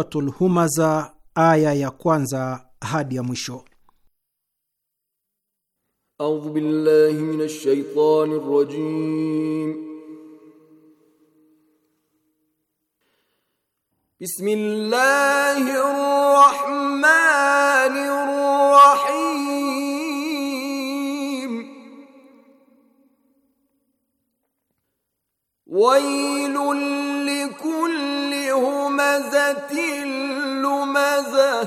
Suratul Humaza, aya ya kwanza hadi ya mwisho. A'udhu billahi minash shaitani rajim. Bismillahir rahmanir rahim. Wailul همزة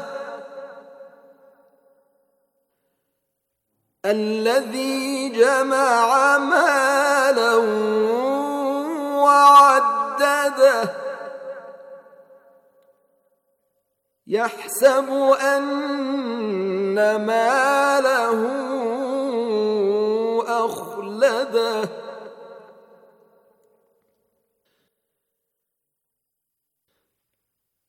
الذي جمع مالا وعدده يحسب أن ماله أخلده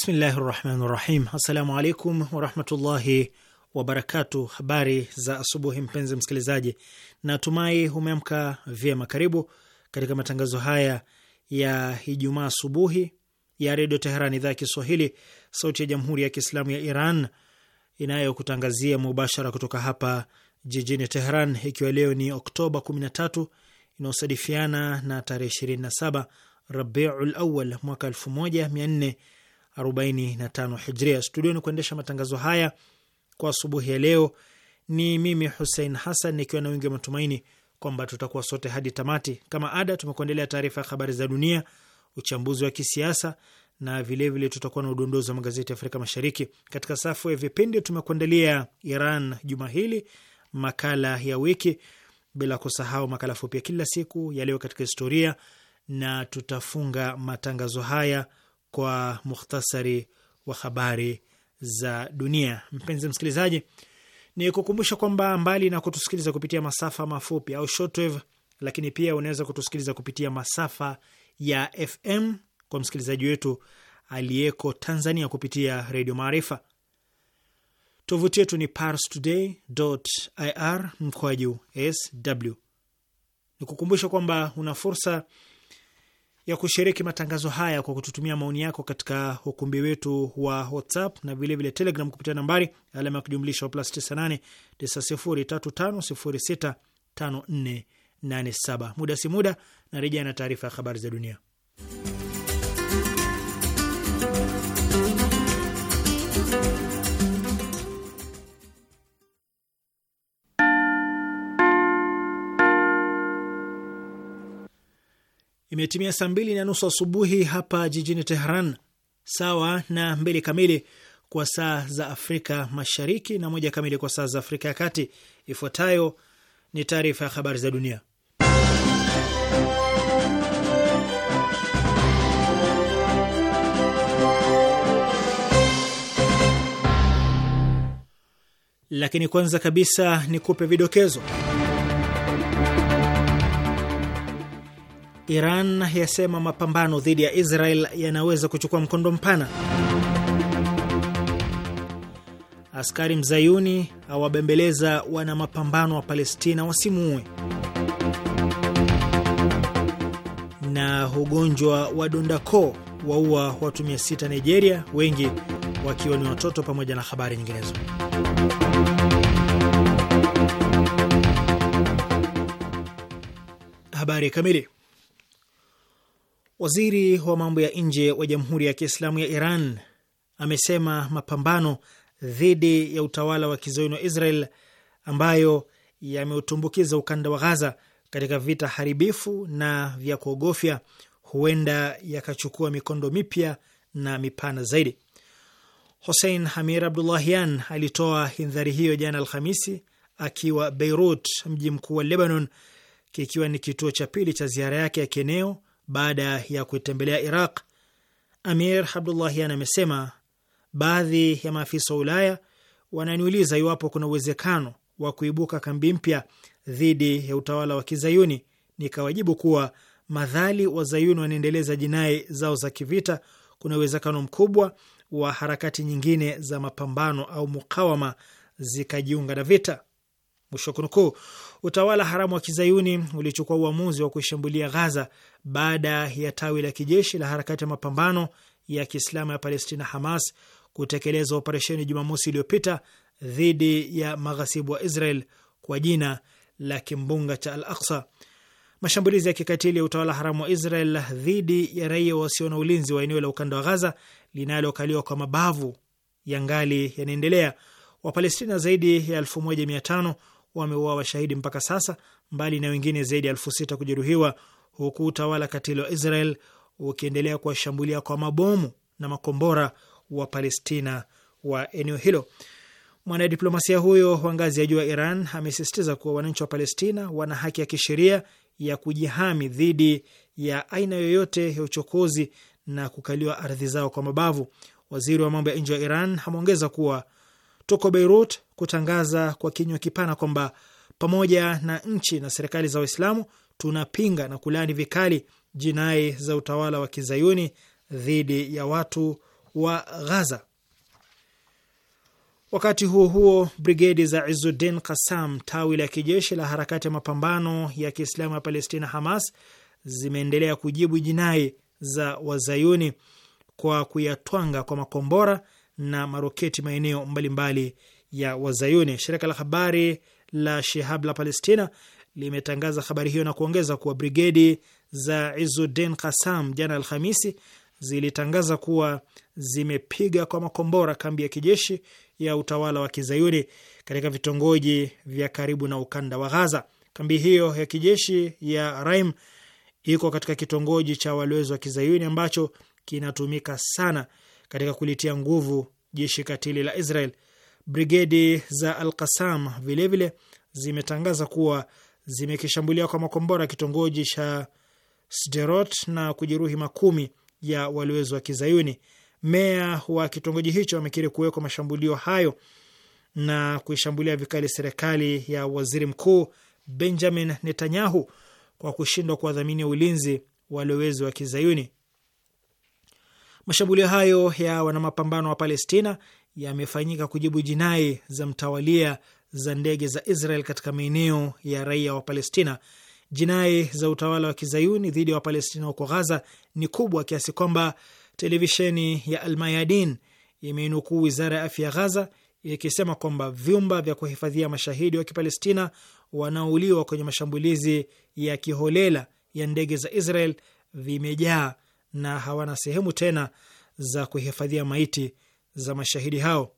Bismillahi rahmani rahim. Assalamu alaikum warahmatullahi wabarakatu. Habari za asubuhi, mpenzi msikilizaji, natumai umeamka vyema. Karibu katika matangazo haya ya Ijumaa asubuhi ya Redio Teheran, idhaa ya Kiswahili, sauti ya Jamhuri ya Kiislamu ya Iran inayokutangazia mubashara kutoka hapa jijini Teheran, ikiwa leo ni Oktoba 13 inayosadifiana na tarehe 27 Rabiul Awal mwaka 45 hijria. Studioni kuendesha matangazo haya kwa asubuhi ya leo ni mimi Husein Hasan, nikiwa na wingi wa matumaini kwamba tutakuwa sote hadi tamati. Kama ada, tumekuendelea taarifa ya habari za dunia, uchambuzi wa kisiasa na vilevile tutakuwa na udondozi wa magazeti ya Afrika Mashariki. Katika safu ya vipindi tumekuandalia Iran juma hili, makala ya wiki, bila kusahau makala fupi ya kila siku, yaliyo katika historia, na tutafunga matangazo haya kwa mukhtasari wa habari za dunia. Mpenzi msikilizaji, ni kukumbusha kwamba mbali na kutusikiliza kupitia masafa mafupi au shortwave, lakini pia unaweza kutusikiliza kupitia masafa ya FM kwa msikilizaji wetu aliyeko Tanzania kupitia Redio Maarifa. Tovuti yetu ni parstoday.ir mkoaju sw. Ni kukumbusha kwamba una fursa ya kushiriki matangazo haya kwa kututumia maoni yako katika ukumbi wetu wa WhatsApp na vilevile Telegram kupitia nambari alama ya kujumlisha plus 989035065487. Muda si muda na rejea na taarifa ya habari za dunia. Imetimia saa mbili na nusu asubuhi hapa jijini Tehran, sawa na mbili kamili kwa saa za Afrika Mashariki na moja kamili kwa saa za Afrika ya Kati. Ifuatayo ni taarifa ya habari za dunia, lakini kwanza kabisa ni kupe vidokezo Iran yasema mapambano dhidi ya Israel yanaweza kuchukua mkondo mpana. Askari mzayuni awabembeleza wana mapambano wa Palestina wasimuue. Na ugonjwa wa dondako waua watu sita Nigeria, wengi wakiwa ni watoto, pamoja na habari nyinginezo. Habari kamili Waziri wa mambo ya nje wa Jamhuri ya Kiislamu ya Iran amesema mapambano dhidi ya utawala wa kizayuni wa Israel ambayo yameutumbukiza ukanda wa Ghaza katika vita haribifu na vya kuogofya huenda yakachukua mikondo mipya na mipana zaidi. Hussein Hamir Abdullahian alitoa hindhari hiyo jana Alhamisi akiwa Beirut, mji mkuu wa Lebanon, kikiwa ni kituo cha pili cha ziara yake ya kieneo baada ya kuitembelea Iraq, Amir Abdullahian amesema baadhi ya maafisa wa Ulaya wananiuliza iwapo kuna uwezekano wa kuibuka kambi mpya dhidi ya utawala wa Kizayuni. Nikawajibu kuwa madhali wa zayuni wanaendeleza jinai zao za kivita, kuna uwezekano mkubwa wa harakati nyingine za mapambano au mukawama zikajiunga na vita. Mwisho kunukuu. Utawala haramu wa kizayuni ulichukua uamuzi wa kuishambulia Ghaza baada ya tawi la kijeshi la harakati ya mapambano ya kiislamu ya Palestina, Hamas, kutekeleza operesheni Jumamosi iliyopita dhidi ya maghasibu wa Israel kwa jina la kimbunga cha Al Aksa. Mashambulizi ya kikatili ya utawala haramu wa Israel dhidi ya raia wasio na ulinzi wa eneo la ukanda wa Ghaza linalokaliwa kwa mabavu yangali yanaendelea. Wapalestina zaidi ya elfu moja mia tano wameuawa washahidi mpaka sasa, mbali na wengine zaidi ya elfu sita kujeruhiwa, huku utawala katili wa Israel ukiendelea kuwashambulia kwa mabomu na makombora wa Palestina wa eneo hilo. Mwanadiplomasia huyo wa ngazi ya juu wa Iran amesisitiza kuwa wananchi wa Palestina wana haki ya kisheria ya kujihami dhidi ya aina yoyote ya uchokozi na kukaliwa ardhi zao kwa mabavu. Waziri wa mambo ya nje wa Iran ameongeza kuwa Tuko Beirut kutangaza kwa kinywa kipana kwamba pamoja na nchi na serikali za Waislamu tunapinga na kulaani vikali jinai za utawala wa kizayuni dhidi ya watu wa Ghaza. Wakati huo huo, brigedi za Izuddin Kasam, tawi la kijeshi la harakati ya mapambano ya kiislamu ya Palestina, Hamas, zimeendelea kujibu jinai za wazayuni kwa kuyatwanga kwa makombora na maroketi maeneo mbalimbali ya Wazayuni. Shirika la habari la shehab la Palestina limetangaza habari hiyo na kuongeza kuwa brigedi za Izudin Kasam jana Alhamisi zilitangaza kuwa zimepiga kwa makombora kambi ya kijeshi ya utawala wa kizayuni katika vitongoji vya karibu na ukanda wa Ghaza. Kambi hiyo ya kijeshi ya Raim iko katika kitongoji cha walowezi wa kizayuni ambacho kinatumika sana katika kulitia nguvu jeshi katili la Israel. Brigedi za Al-Qassam vilevile zimetangaza kuwa zimekishambulia kwa makombora kitongoji cha Sderot na kujeruhi makumi ya walowezi wa Kizayuni. Meya wa kitongoji hicho amekiri kuwekwa mashambulio hayo na kuishambulia vikali serikali ya waziri mkuu Benjamin Netanyahu kwa kushindwa kuwadhaminia ulinzi walowezi wa Kizayuni. Mashambulio hayo ya wanamapambano wa Palestina yamefanyika kujibu jinai za mtawalia za ndege za Israel katika maeneo ya raia wa Palestina. Jinai za utawala wa kizayuni dhidi ya Wapalestina huko Ghaza ni kubwa kiasi kwamba televisheni ya Almayadin imeinukuu wizara ya afya ya Ghaza ikisema kwamba vyumba vya kuhifadhia mashahidi wa Kipalestina wanaouliwa kwenye mashambulizi ya kiholela ya ndege za Israel vimejaa na hawana sehemu tena za kuhifadhia maiti za mashahidi hao.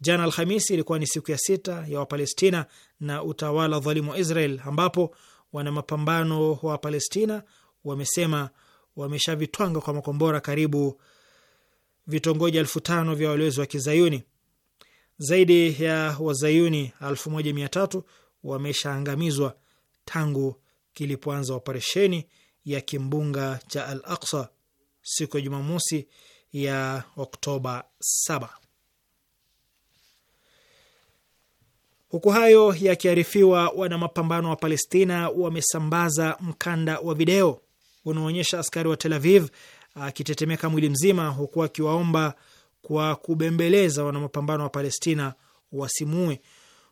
Jana Alhamisi ilikuwa ni siku ya sita ya Wapalestina na utawala dhalimu wa Israel, ambapo wana mapambano wa Palestina wamesema wameshavitwanga kwa makombora karibu vitongoji elfu tano vya walowezi wa Kizayuni. Zaidi ya Wazayuni elfu moja mia tatu wameshaangamizwa tangu kilipoanza operesheni ya kimbunga cha Al Aksa siku ya Jumamosi ya Oktoba 7. Huku hayo yakiarifiwa, wana mapambano wa Palestina wamesambaza mkanda wa video unaoonyesha askari wa Tel Aviv akitetemeka mwili mzima, huku akiwaomba kwa kubembeleza wana mapambano wa Palestina wasimue.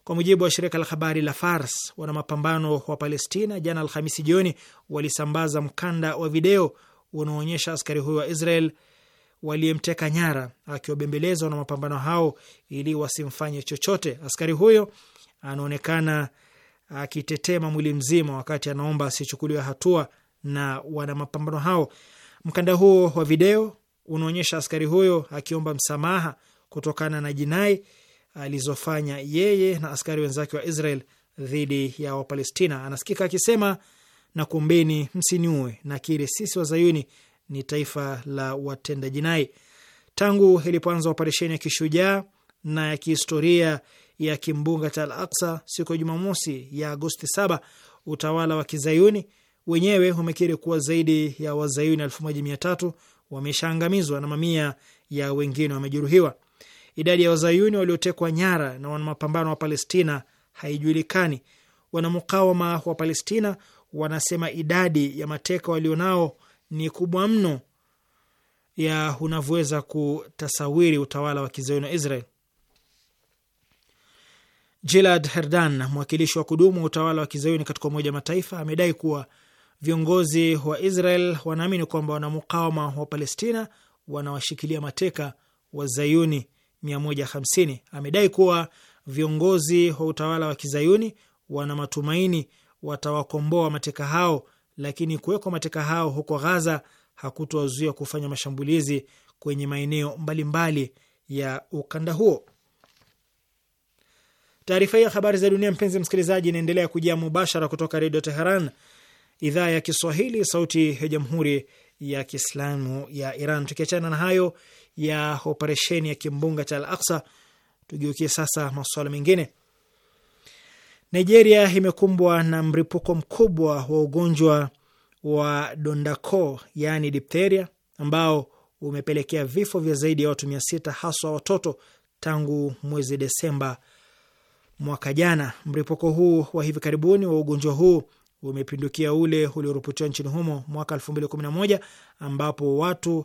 Kwa mujibu wa shirika la habari la Fars, wana mapambano wa Palestina jana Alhamisi jioni walisambaza mkanda wa video unaonyesha askari huyo wa Israel waliyemteka nyara akiwabembelezwa na mapambano hao ili wasimfanye chochote. Askari huyo anaonekana akitetema mwili mzima wakati anaomba asichukuliwe hatua na wana mapambano hao. Mkanda huo wa video unaonyesha askari huyo akiomba msamaha kutokana na jinai alizofanya yeye na askari wenzake wa Israel dhidi ya Wapalestina. Anasikika akisema na kuombeni msiniue, kiri sisi wazayuni ni taifa la watenda jinai. Tangu ilipoanza operesheni ya kishujaa na ya kihistoria ya kimbunga cha Al siku ya Jumamosi ya Agosti saba, utawala wa kizayuni wenyewe umekiri kuwa zaidi ya wazayuni elfu moja mia tatu wameshaangamizwa na mamia ya wengine wamejeruhiwa. Idadi ya wazayuni waliotekwa nyara na wanamapambano wa Palestina haijulikani. Wanamukawama wa Palestina wanasema idadi ya mateka walionao ni kubwa mno ya unavyoweza kutasawiri utawala wa kizayuni wa Israel. Gilad Herdan, mwakilishi wa kudumu wa utawala wa kizayuni katika Umoja Mataifa, amedai kuwa viongozi wa Israel wanaamini kwamba wanamukawama wa Palestina wanawashikilia mateka wa zayuni 150. Amedai kuwa viongozi wa utawala wa kizayuni wana matumaini watawakomboa mateka hao, lakini kuwekwa mateka hao huko Ghaza hakutowazuia kufanya mashambulizi kwenye maeneo mbalimbali ya ukanda huo. Taarifa hii ya habari za dunia, mpenzi msikilizaji, inaendelea kujia mubashara kutoka Redio Teheran, idhaa ya Kiswahili, sauti ya Jamhuri ya Kiislamu ya Iran. Tukiachana na hayo ya operesheni ya kimbunga cha Al Aksa, tugeukie sasa masuala mengine. Nigeria imekumbwa na mripuko mkubwa wa ugonjwa wa dondako, yaani diphtheria, ambao umepelekea vifo vya zaidi ya watu mia sita haswa watoto tangu mwezi Desemba mwaka jana. Mripuko huu wa hivi karibuni wa ugonjwa huu umepindukia ule ulioripotiwa nchini humo mwaka 2011 ambapo watu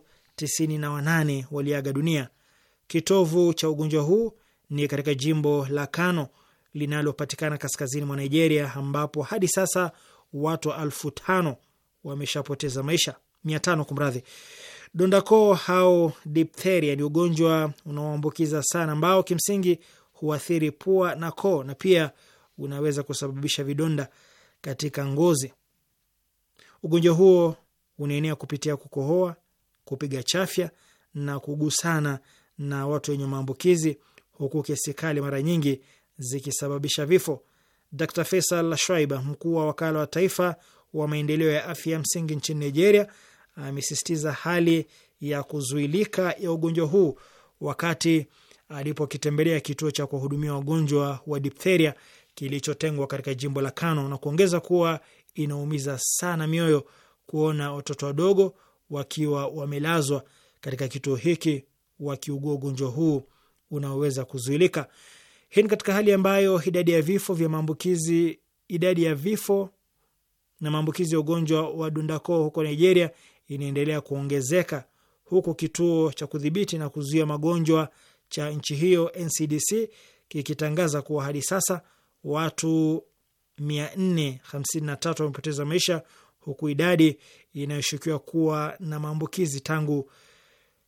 wanane waliaga dunia. Kitovu cha ugonjwa huu ni katika jimbo la Kano linalopatikana kaskazini mwa Nigeria, ambapo hadi sasa watu elfu tano wameshapoteza maisha, mia tano kumradhi. Dondako au diphtheria ni ugonjwa unaoambukiza sana, ambao kimsingi huathiri pua na koo na pia unaweza kusababisha vidonda katika ngozi. Ugonjwa huo unaenea kupitia kukohoa, kupiga chafya na kugusana na watu wenye maambukizi, huku kesi kali mara nyingi zikisababisha vifo. Dr Faisal Shaiba, mkuu wa wakala wa taifa wa maendeleo ya afya ya msingi nchini Nigeria, amesisitiza hali ya kuzuilika ya ugonjwa huu wakati alipokitembelea kituo cha kuwahudumia wagonjwa wa diphtheria kilichotengwa katika jimbo la Kano na kuongeza kuwa inaumiza sana mioyo kuona watoto wadogo wakiwa wamelazwa katika kituo hiki wakiugua ugonjwa huu unaoweza kuzuilika. Hii ni katika hali ambayo idadi ya vifo vya maambukizi idadi ya vifo na maambukizi ya ugonjwa wa dundakoo huko Nigeria inaendelea kuongezeka huku kituo cha kudhibiti na kuzuia magonjwa cha nchi hiyo NCDC kikitangaza kuwa hadi sasa watu 453 wamepoteza maisha huku idadi inayoshukiwa kuwa na maambukizi tangu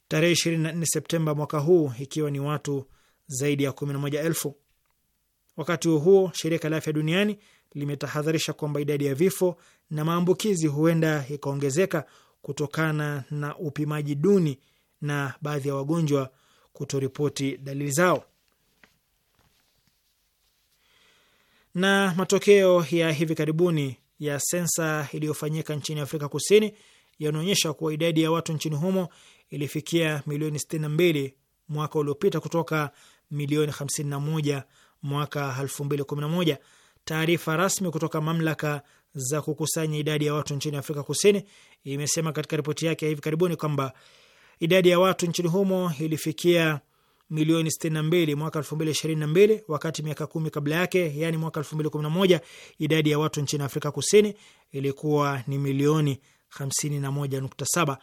tarehe 24 Septemba mwaka huu ikiwa ni watu zaidi ya elfu. Wakati huo huo, shirika la afya duniani limetahadharisha kwamba idadi ya vifo na maambukizi huenda ikaongezeka kutokana na upimaji duni na baadhi ya wagonjwa kutoripoti dalili zao. Na matokeo ya hivi karibuni ya sensa iliyofanyika nchini Afrika Kusini yanaonyesha kuwa idadi ya watu nchini humo ilifikia milioni 62 mwaka uliopita kutoka milioni 51 mwaka 2011. Taarifa rasmi kutoka mamlaka za kukusanya idadi ya watu nchini Afrika Kusini imesema katika ripoti yake ya hivi karibuni kwamba idadi ya watu nchini humo ilifikia milioni 62 mwaka 2022, wakati miaka kumi kabla yake, yani mwaka 2011, idadi ya watu nchini Afrika Kusini ilikuwa ni milioni 51.7.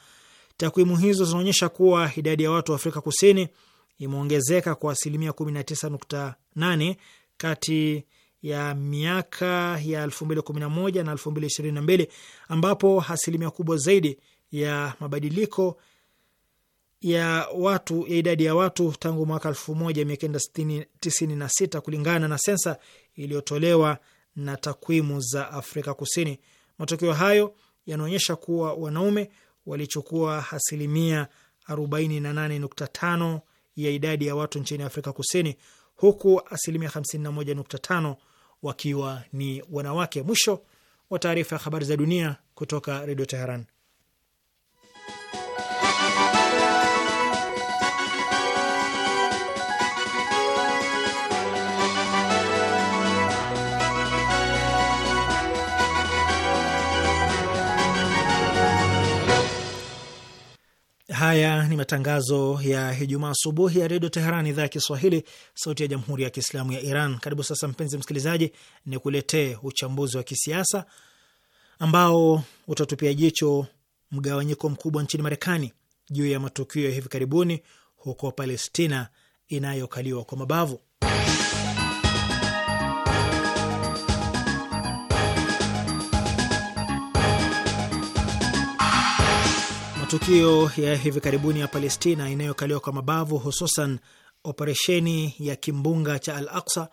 Takwimu hizo zinaonyesha kuwa idadi ya watu wa Afrika Kusini imeongezeka kwa asilimia 19.8 kati ya miaka ya 2011 na 2022 ambapo asilimia kubwa zaidi ya mabadiliko ya watu ya idadi ya watu tangu mwaka 1996 kulingana na sensa iliyotolewa na takwimu za Afrika Kusini. Matokeo hayo yanaonyesha kuwa wanaume walichukua asilimia 48.5 ya idadi ya watu nchini Afrika Kusini, huku asilimia 51.5 wakiwa ni wanawake. Mwisho wa taarifa ya habari za dunia kutoka Redio Teheran. Haya ni matangazo ya Ijumaa asubuhi ya Redio Teheran, idhaa ya Kiswahili, sauti ya Jamhuri ya Kiislamu ya Iran. Karibu sasa, mpenzi msikilizaji, ni kuletee uchambuzi wa kisiasa ambao utatupia jicho mgawanyiko mkubwa nchini Marekani juu ya matukio ya hivi karibuni huko Palestina inayokaliwa kwa mabavu. Matukio ya hivi karibuni ya Palestina inayokaliwa kwa mabavu, hususan operesheni ya kimbunga cha Al Aksa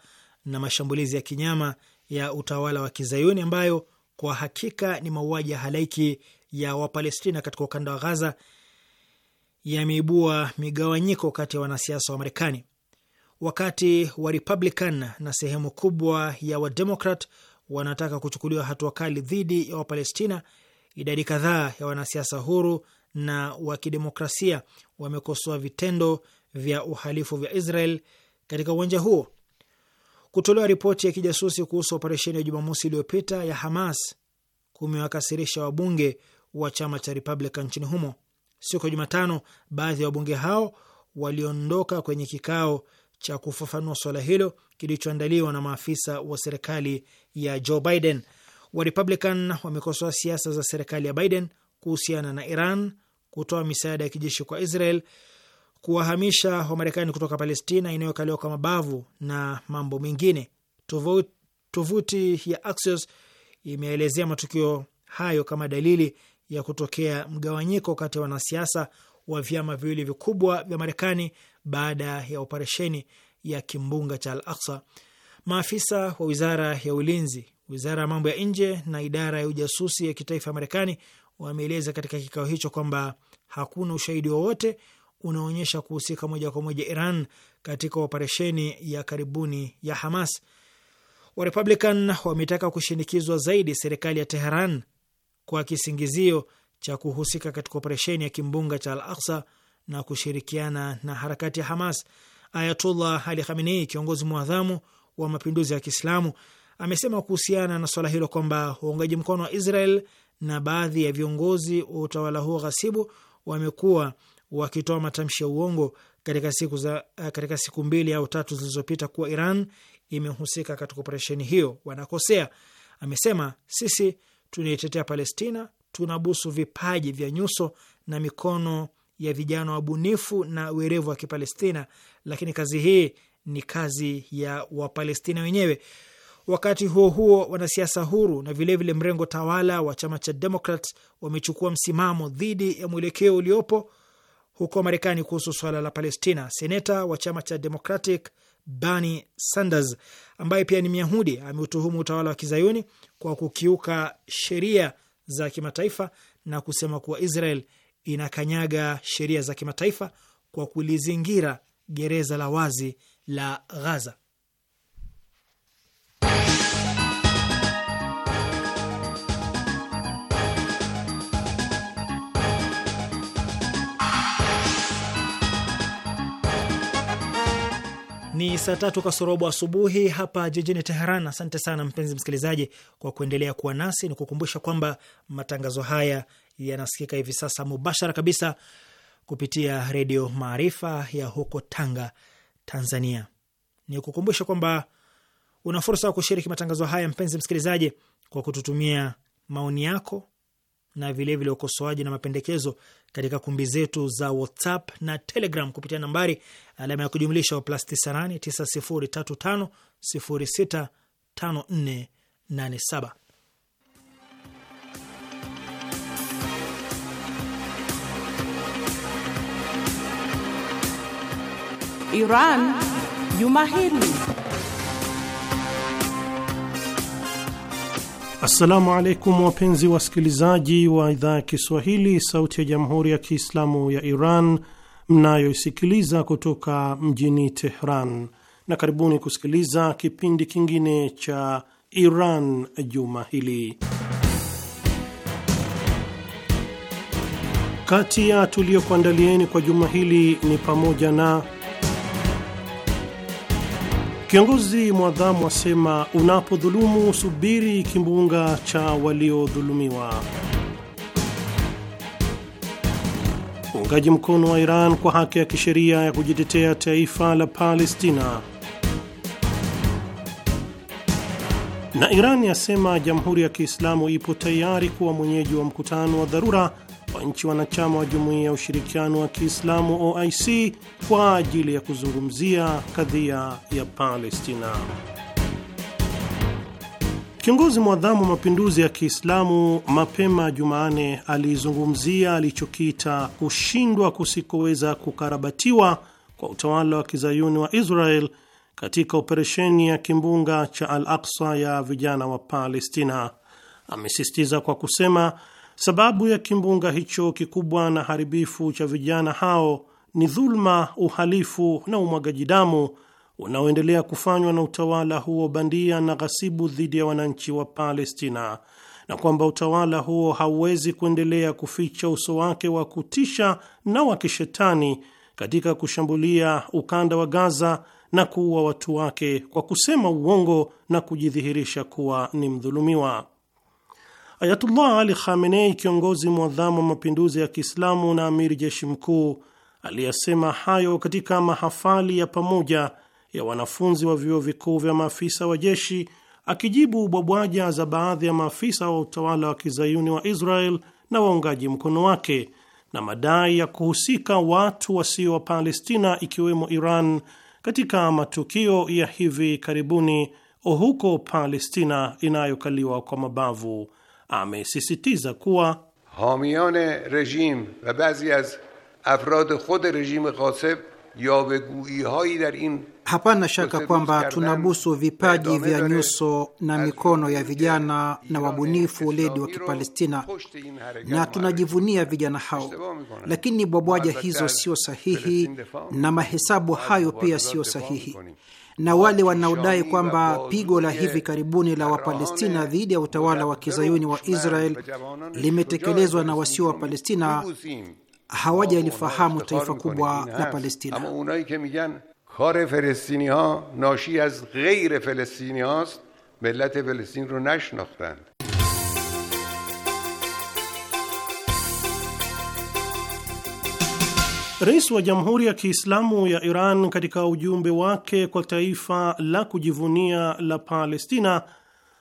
na mashambulizi ya kinyama ya utawala wa kizayuni ambayo kwa hakika ni mauaji ya halaiki ya Wapalestina katika ukanda wa Ghaza yameibua migawanyiko kati ya wanasiasa wa Marekani. Wakati wa Republican na sehemu kubwa ya Wademokrat wanataka kuchukuliwa hatua kali dhidi ya Wapalestina, idadi kadhaa ya wanasiasa huru na wa kidemokrasia wamekosoa vitendo vya uhalifu vya Israel katika uwanja huo. Kutolewa ripoti ya kijasusi kuhusu operesheni ya Jumamosi iliyopita ya Hamas kumewakasirisha wabunge wa chama cha Republican nchini humo. Siku ya Jumatano, baadhi ya wabunge hao waliondoka kwenye kikao cha kufafanua swala hilo kilichoandaliwa na maafisa wa serikali ya Joe Biden. Warepublican wamekosoa siasa za serikali ya Biden kuhusiana na Iran, kutoa misaada ya kijeshi kwa Israel, kuwahamisha Wamarekani kutoka Palestina inayokaliwa kwa mabavu na mambo mengine. Tovuti ya Axios imeelezea matukio hayo kama dalili ya kutokea mgawanyiko kati ya wanasiasa wa vyama viwili vikubwa vya Marekani baada ya operesheni ya kimbunga cha Al Aksa. Maafisa wa wizara ya ulinzi, wizara ya mambo ya nje na idara ya ujasusi ya kitaifa ya Marekani wameeleza katika kikao hicho kwamba hakuna ushahidi wowote unaonyesha kuhusika moja kwa moja Iran katika operesheni ya karibuni ya Hamas. Warepublican wametaka kushinikizwa zaidi serikali ya Teheran kwa kisingizio cha kuhusika katika operesheni ya kimbunga cha Al Aksa na kushirikiana na harakati ya Hamas. Ayatullah Ali Khamenei, kiongozi mwadhamu wa mapinduzi ya Kiislamu, amesema kuhusiana na swala hilo kwamba uungaji mkono wa Israel na baadhi ya viongozi wa utawala huo ghasibu wamekuwa wakitoa matamshi ya uongo katika siku za eh, katika siku mbili au tatu zilizopita kuwa Iran imehusika katika operesheni hiyo. Wanakosea, amesema. Sisi tunaitetea Palestina, tunabusu vipaji vya nyuso na mikono ya vijana wabunifu na werevu wa Kipalestina, lakini kazi hii ni kazi ya Wapalestina wenyewe. Wakati huo huo, wanasiasa huru na vilevile vile mrengo tawala wa chama cha Demokrat wamechukua msimamo dhidi ya mwelekeo uliopo huko Marekani kuhusu swala la Palestina. Seneta wa chama cha Democratic Bernie Sanders ambaye pia ni Myahudi ameutuhumu utawala wa kizayuni kwa kukiuka sheria za kimataifa na kusema kuwa Israel inakanyaga sheria za kimataifa kwa kulizingira gereza la wazi la Ghaza. Ni saa tatu kasorobo asubuhi hapa jijini Teheran. Asante sana mpenzi msikilizaji kwa kuendelea kuwa nasi. Ni kukumbusha kwamba matangazo haya yanasikika hivi sasa mubashara kabisa kupitia Redio Maarifa ya huko Tanga, Tanzania. Ni kukumbusha kwamba una fursa ya kushiriki matangazo haya, mpenzi msikilizaji, kwa kututumia maoni yako na vilevile ukosoaji na mapendekezo katika kumbi zetu za WhatsApp na Telegram kupitia nambari alama ya kujumlisha wa plus 989035065487. Iran Juma Assalamu alaikum wapenzi wasikilizaji wa idhaa ya Kiswahili sauti ya jamhuri ya Kiislamu ya Iran mnayoisikiliza kutoka mjini Tehran, na karibuni kusikiliza kipindi kingine cha Iran juma hili. Kati ya tuliyokuandalieni kwa juma hili ni pamoja na Kiongozi mwadhamu asema unapodhulumu subiri kimbunga cha waliodhulumiwa. Uungaji mkono wa Iran kwa haki ya kisheria ya kujitetea taifa la Palestina. Na Iran yasema Jamhuri ya Kiislamu ipo tayari kuwa mwenyeji wa mkutano wa dharura wa nchi wanachama wa Jumuiya ya Ushirikiano wa Kiislamu OIC kwa ajili ya kuzungumzia kadhia ya Palestina. Kiongozi mwadhamu wa mapinduzi ya Kiislamu mapema jumanne alizungumzia alichokiita kushindwa kusikoweza kukarabatiwa kwa utawala wa kizayuni wa Israel katika operesheni ya kimbunga cha Al Aksa ya vijana wa Palestina. Amesisitiza kwa kusema Sababu ya kimbunga hicho kikubwa na haribifu cha vijana hao ni dhuluma, uhalifu na umwagaji damu unaoendelea kufanywa na utawala huo bandia na ghasibu dhidi ya wananchi wa Palestina, na kwamba utawala huo hauwezi kuendelea kuficha uso wake wa kutisha na wa kishetani katika kushambulia ukanda wa Gaza na kuua watu wake kwa kusema uongo na kujidhihirisha kuwa ni mdhulumiwa. Ayatullah Ali Khamenei, kiongozi mwadhamu wa mapinduzi ya Kiislamu na amiri jeshi mkuu, aliyasema hayo katika mahafali ya pamoja ya wanafunzi wa vyuo vikuu vya maafisa wa jeshi, akijibu bwabwaja za baadhi ya maafisa wa utawala wa kizayuni wa Israel na waungaji mkono wake na madai ya kuhusika watu wasio wa Palestina ikiwemo Iran katika matukio ya hivi karibuni huko Palestina inayokaliwa kwa mabavu amesisitiza kuwa hamiyan rejim wa bazi az afrad khod rejim ghasib Hapana shaka kwamba tunabusu vipaji vya nyuso na mikono ya vijana na wabunifu weledi wa Kipalestina, na tunajivunia vijana hao, lakini bwabwaja hizo sio sahihi na mahesabu hayo pia siyo sahihi na wale wanaodai kwamba pigo la hivi karibuni la Wapalestina dhidi ya utawala wa kizayuni wa Israel limetekelezwa na wasio wa Palestina hawajalifahamu taifa kubwa la Palestina. Rais wa Jamhuri ya Kiislamu ya Iran katika ujumbe wake kwa taifa la kujivunia la Palestina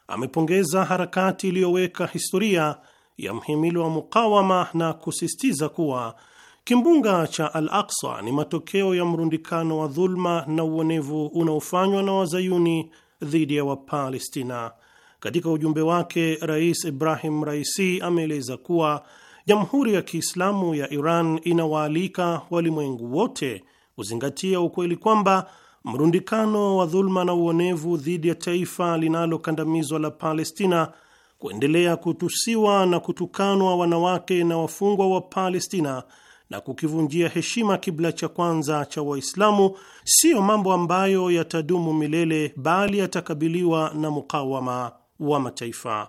amepongeza harakati iliyoweka historia ya mhimili wa mukawama na kusisitiza kuwa kimbunga cha al aksa ni matokeo ya mrundikano wa dhulma na uonevu unaofanywa na wazayuni dhidi ya Wapalestina. Katika ujumbe wake, Rais Ibrahim Raisi ameeleza kuwa Jamhuri ya Kiislamu ya Iran inawaalika walimwengu wote kuzingatia ukweli kwamba mrundikano wa dhuluma na uonevu dhidi ya taifa linalokandamizwa la Palestina, kuendelea kutusiwa na kutukanwa wanawake na wafungwa wa Palestina na kukivunjia heshima kibla cha kwanza cha Waislamu siyo mambo ambayo yatadumu milele, bali yatakabiliwa na mukawama wa mataifa.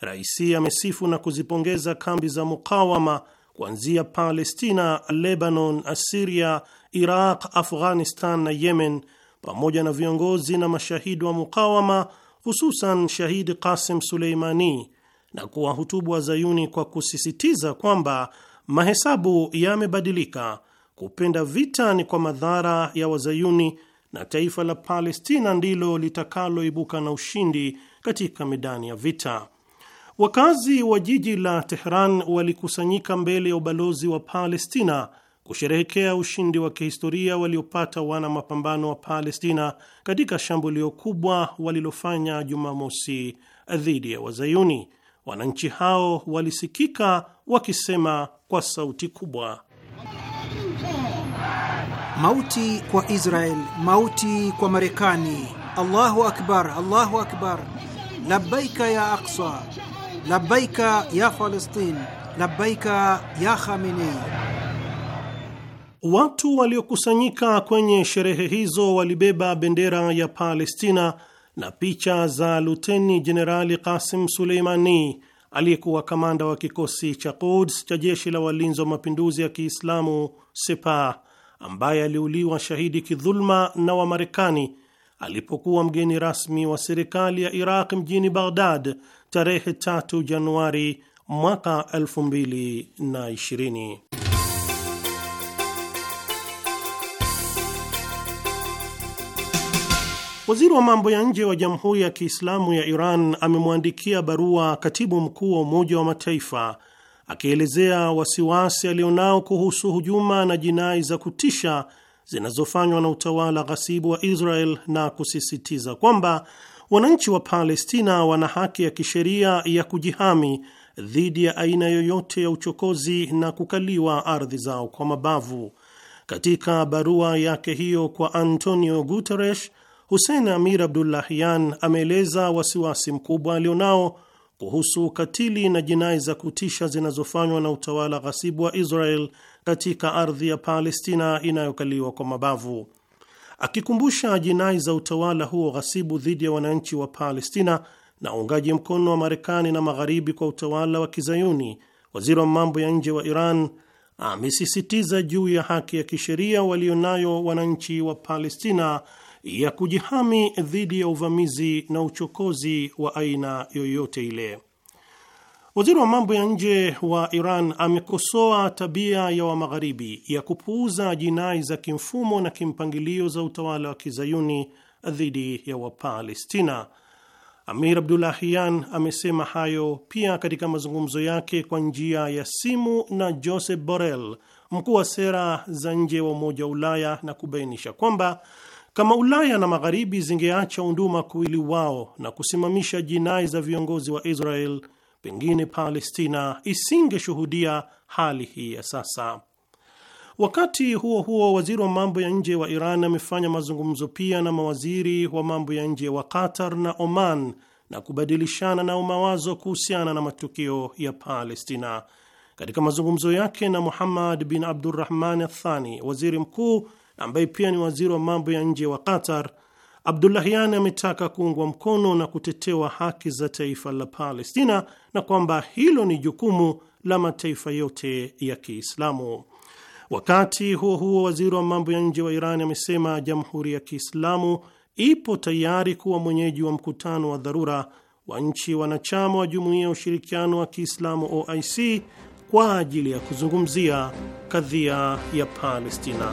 Raisi amesifu na kuzipongeza kambi za mukawama kuanzia Palestina, Lebanon, Asiria, Iraq, Afghanistan na Yemen, pamoja na viongozi na mashahidi wa mukawama, hususan shahidi Qasim Suleimani, na kuwahutubu Wazayuni kwa kusisitiza kwamba mahesabu yamebadilika, kupenda vita ni kwa madhara ya Wazayuni na taifa la Palestina ndilo litakaloibuka na ushindi katika medani ya vita. Wakazi wa jiji la Tehran walikusanyika mbele ya ubalozi wa Palestina kusherehekea ushindi wa kihistoria waliopata wana mapambano wa Palestina katika shambulio kubwa walilofanya Jumamosi dhidi ya Wazayuni. Wananchi hao walisikika wakisema kwa sauti kubwa, mauti kwa Israel, mauti kwa Marekani, Allahu akbar, Allahu akbar, labbaika ya Aksa, Labbaika ya Palestin, labbaika ya Khamenei. Watu waliokusanyika kwenye sherehe hizo walibeba bendera ya Palestina na picha za Luteni Jenerali Qasim Suleimani aliyekuwa kamanda wa kikosi cha Quds cha jeshi la walinzi wa mapinduzi ya Kiislamu Sepa, ambaye aliuliwa shahidi kidhulma na Wamarekani alipokuwa mgeni rasmi wa serikali ya Iraq mjini Baghdad tarehe 3 Januari mwaka 2020. Waziri wa mambo ya nje wa Jamhuri ya Kiislamu ya Iran amemwandikia barua katibu mkuu wa Umoja wa Mataifa akielezea wasiwasi alionao kuhusu hujuma na jinai za kutisha zinazofanywa na utawala ghasibu wa Israel na kusisitiza kwamba wananchi wa Palestina wana haki ya kisheria ya kujihami dhidi ya aina yoyote ya uchokozi na kukaliwa ardhi zao kwa mabavu. Katika barua yake hiyo kwa Antonio Guterres, Hussein Amir Abdullahian ameeleza wasiwasi mkubwa alionao kuhusu ukatili na jinai za kutisha zinazofanywa na utawala ghasibu wa Israel katika ardhi ya Palestina inayokaliwa kwa mabavu akikumbusha jinai za utawala huo ghasibu dhidi ya wananchi wa Palestina na uungaji mkono wa Marekani na Magharibi kwa utawala wa Kizayuni. Waziri wa mambo ya nje wa Iran amesisitiza juu ya haki ya kisheria walionayo wananchi wa Palestina ya kujihami dhidi ya uvamizi na uchokozi wa aina yoyote ile. Waziri wa mambo ya nje wa Iran amekosoa tabia ya Wamagharibi ya kupuuza jinai za kimfumo na kimpangilio za utawala wa kizayuni dhidi ya Wapalestina. Amir yan amesema hayo pia katika mazungumzo yake kwa njia ya simu na Joseph Borrell, mkuu wa sera za nje wa Umoja wa Ulaya, na kubainisha kwamba kama Ulaya na Magharibi zingeacha unduma kuwili wao na kusimamisha jinai za viongozi wa Israel pengine Palestina isingeshuhudia hali hii ya sasa. Wakati huo huo, waziri wa mambo ya nje wa Iran amefanya mazungumzo pia na mawaziri wa mambo ya nje wa Qatar na Oman na kubadilishana nao mawazo kuhusiana na matukio ya Palestina. Katika mazungumzo yake na Muhammad bin Abdurrahman Athani, waziri mkuu ambaye pia ni waziri wa mambo ya nje wa Qatar, Abdullahyan ametaka kuungwa mkono na kutetewa haki za taifa la Palestina na kwamba hilo ni jukumu la mataifa yote ya Kiislamu. Wakati huo huo, waziri wa mambo ya nje wa Iran amesema Jamhuri ya Kiislamu ipo tayari kuwa mwenyeji wa mkutano wa dharura wa nchi wanachama wa Jumuiya ya Ushirikiano wa Kiislamu OIC kwa ajili ya kuzungumzia kadhia ya Palestina.